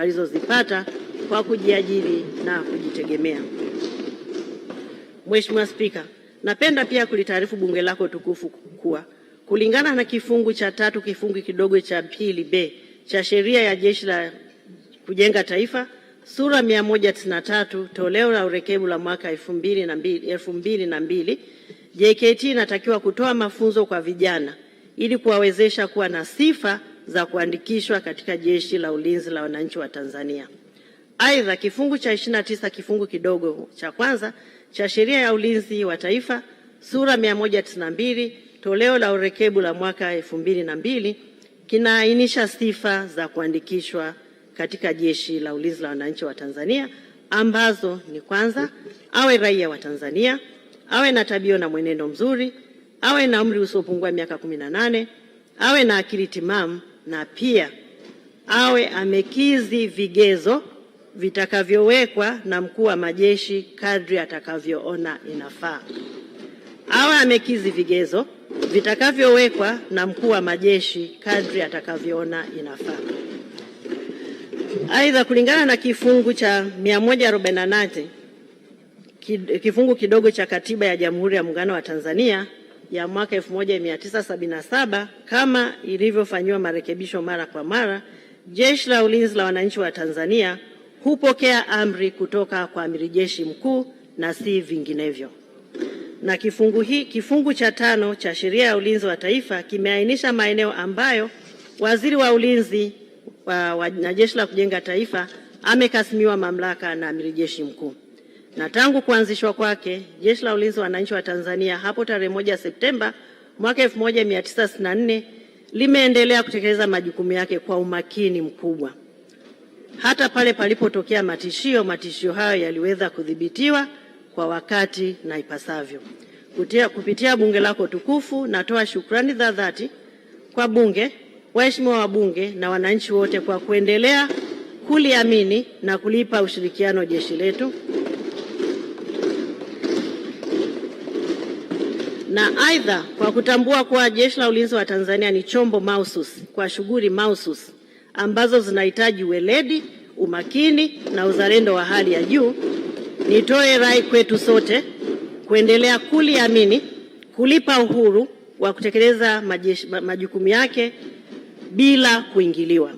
walizozipata kwa kujiajiri na kujitegemea. Mheshimiwa Spika, napenda pia kulitaarifu bunge lako tukufu kuwa kulingana na kifungu cha tatu kifungu kidogo cha pili b cha sheria ya Jeshi la Kujenga Taifa sura 193 toleo la urekebu la mwaka 2002 JKT inatakiwa kutoa mafunzo kwa vijana ili kuwawezesha kuwa na sifa za kuandikishwa katika Jeshi la Ulinzi la Wananchi wa Tanzania. Aidha, kifungu cha 29 kifungu kidogo cha kwanza cha Sheria ya Ulinzi wa Taifa sura 192 toleo la urekebu la mwaka 2002 kinaainisha sifa za kuandikishwa katika Jeshi la Ulinzi la Wananchi wa Tanzania ambazo ni kwanza, awe raia wa Tanzania, awe na tabio na mwenendo mzuri, awe na umri usiopungua miaka 18, awe na akili timamu na pia awe amekidhi vigezo vitakavyowekwa na mkuu wa majeshi kadri atakavyoona inafaa. Awe amekidhi vigezo vitakavyowekwa na mkuu wa majeshi kadri atakavyoona inafaa. Aidha, kulingana na kifungu cha 148 kifungu kidogo cha Katiba ya Jamhuri ya Muungano wa Tanzania ya mwaka 1977 kama ilivyofanyiwa marekebisho mara kwa mara, Jeshi la Ulinzi la Wananchi wa Tanzania hupokea amri kutoka kwa Amiri Jeshi Mkuu na si vinginevyo. Na kifungu, hi, kifungu cha tano cha Sheria ya Ulinzi wa Taifa kimeainisha maeneo ambayo Waziri wa Ulinzi wa, wa, na Jeshi la Kujenga Taifa amekasimiwa mamlaka na Amiri Jeshi Mkuu na tangu kuanzishwa kwake Jeshi la Ulinzi wa Wananchi wa Tanzania hapo tarehe moja Septemba mwaka 1964 limeendelea kutekeleza majukumu yake kwa umakini mkubwa. Hata pale palipotokea matishio, matishio hayo yaliweza kudhibitiwa kwa wakati na ipasavyo. Kutia, kupitia bunge lako tukufu, natoa shukrani za dhati kwa bunge, waheshimiwa wabunge na wananchi wote kwa kuendelea kuliamini na kulipa ushirikiano jeshi letu. na aidha, kwa kutambua kuwa Jeshi la Ulinzi wa Tanzania ni chombo mahususi kwa shughuli mahususi ambazo zinahitaji weledi, umakini na uzalendo wa hali ya juu, nitoe rai kwetu sote kuendelea kuliamini, kulipa uhuru wa kutekeleza majukumu yake bila kuingiliwa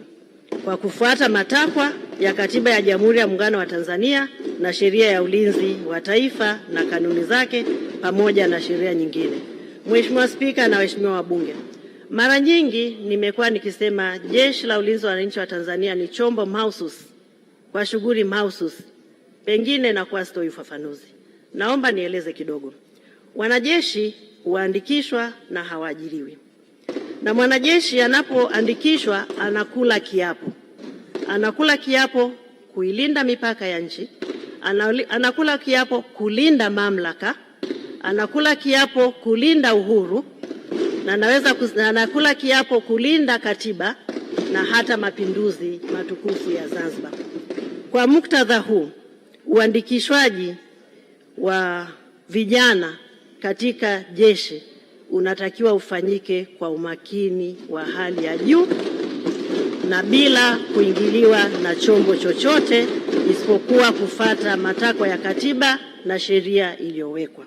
kwa kufuata matakwa ya Katiba ya Jamhuri ya Muungano wa Tanzania na Sheria ya Ulinzi wa Taifa na kanuni zake pamoja na sheria nyingine. Mheshimiwa Spika na waheshimiwa wabunge, mara nyingi nimekuwa nikisema Jeshi la Ulinzi wa Wananchi wa Tanzania ni chombo mahususi kwa shughuli mahususi, pengine kwa sitoi ufafanuzi. Naomba nieleze kidogo. Wanajeshi huandikishwa na hawaajiriwi, na mwanajeshi anapoandikishwa anakula kiapo anakula kiapo kuilinda mipaka ya nchi, anakula kiapo kulinda mamlaka, anakula kiapo kulinda uhuru na naweza anakula kiapo kulinda katiba na hata mapinduzi matukufu ya Zanzibar. Kwa muktadha huu, uandikishwaji wa vijana katika jeshi unatakiwa ufanyike kwa umakini wa hali ya juu na bila kuingiliwa na chombo chochote isipokuwa kufata matakwa ya katiba na sheria iliyowekwa.